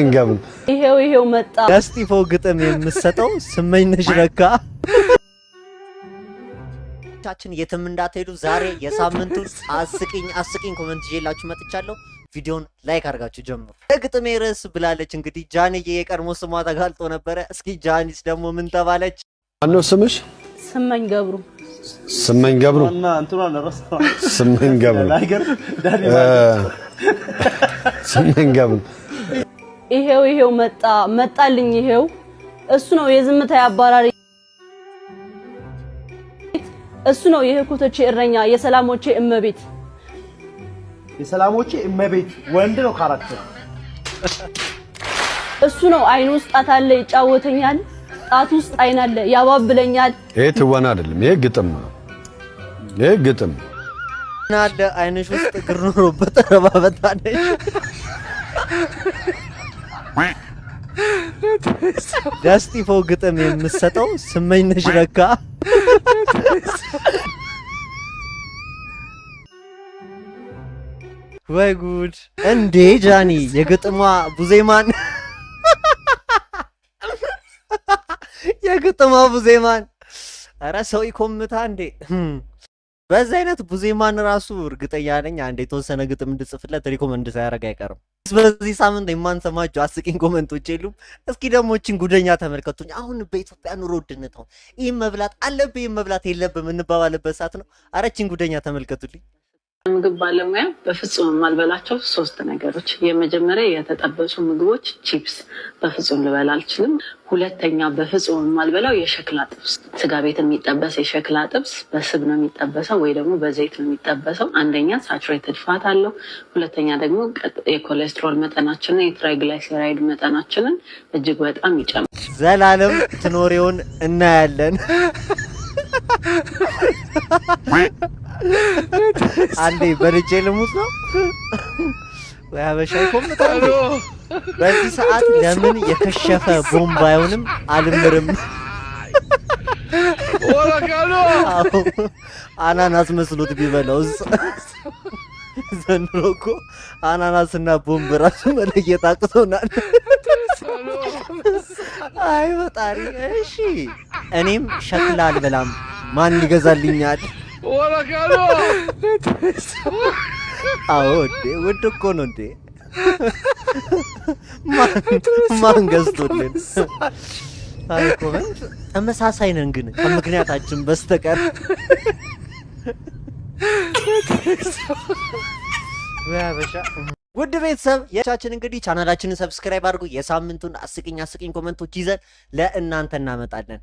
እንገም ይሄው ይሄው መጣ ለስጢፎ ግጥም የምሰጠው ስመኝነሽ ረጋ ቻችን የትም እንዳትሄዱ። ዛሬ የሳምንቱን አስቂኝ አስቂኝ ኮመንት ይዤላችሁ መጥቻለሁ። ቪዲዮን ላይክ አድርጋችሁ ጀምሩ። ግጥሜ ርዕስ ብላለች እንግዲህ ጃንዬ የቀድሞ ስሟ ተጋልጦ ነበረ። እስኪ ጃኒስ ደግሞ ምን ተባለች? ማነው ስምሽ? ስመኝ ገብሩ ስመኝ ገብሩ ስመኝ ገብሩ ስመኝ ገብሩ ይሄው ይሄው መጣ መጣልኝ። ይሄው እሱ ነው የዝምታ አባራሪ፣ እሱ ነው የህኩቶቼ እረኛ፣ የሰላሞቼ እመቤት፣ የሰላሞቼ እመቤት። ወንድ ነው ካራክተር። እሱ ነው አይን ውስጥ ጣት አለ፣ ይጫወተኛል። ጣት ውስጥ አይን አለ፣ ያባብለኛል። ይሄ ትወና አይደለም፣ ይሄ ግጥም ነው። ይሄ ግጥም አለ አይንሽ ውስጥ እግር ኖሮበት ረባበታለች ዳስጢፎ ግጥም የምሰጠው ስመኝ ረካ ወይ ጉድ! እንዴ ጃኒ የግጥሟ ቡዜማን የግጥሟ ቡዜማን አረ ሰው ይኮምታ እንዴ! በዚህ አይነት ቡዜማን ራሱ እርግጠኛ ነኝ አንድ የተወሰነ ግጥም እንድጽፍለት ሪኮመንድ ሳያደርግ አይቀርም። በዚህ ሳምንት የማንሰማቸው አስቂኝ ኮመንቶች የሉም። እስኪ ደግሞ እችን ጉደኛ ተመልከቱኝ። አሁን በኢትዮጵያ ኑሮ ውድነት አሁን ይህም መብላት አለብህ ይህም መብላት የለብህ የምንባባልበት ሰዓት ነው። አረ እችን ጉደኛ ተመልከቱልኝ። ምግብ ባለሙያ በፍጹም የማልበላቸው ሶስት ነገሮች፣ የመጀመሪያ የተጠበሱ ምግቦች ቺፕስ በፍጹም ልበላ አልችልም። ሁለተኛ በፍጹም የማልበላው የሸክላ ጥብስ፣ ስጋ ቤት የሚጠበስ የሸክላ ጥብስ በስብ ነው የሚጠበሰው ወይ ደግሞ በዘይት ነው የሚጠበሰው። አንደኛ ሳቹሬትድ ፋት አለው፣ ሁለተኛ ደግሞ የኮሌስትሮል መጠናችንን የትራይግላይሴራይድ መጠናችንን እጅግ በጣም ይጨምራል። ዘላለም ትኖሪውን እናያለን። አንዴ በልጄ ልሙት ነው ወይ ሀበሻ ይኮምታል። በዚህ ሰዓት ለምን የከሸፈ ቦምብ አይሆንም? አልምርም አናናስ መስሎት ቢበላው ዘንድሮ እኮ አናናስና ቦምብ ራሱ መለየት አቅቶናል። አይ ፈጣሪ። እሺ እኔም ሸክላ አልበላም፣ ማን ይገዛልኛል? ¡Hola, cabrón! ውድ እኮ ነው እንዴ! ማን ገዝቶልን? ተመሳሳይ ነን ግን ከምክንያታችን በስተቀር ውድ ቤተሰብ የቻችን እንግዲህ ቻናላችንን ሰብስክራይብ አድርጉ። የሳምንቱን አስቂኝ አስቂኝ ኮመንቶች ይዘን ለእናንተ እናመጣለን።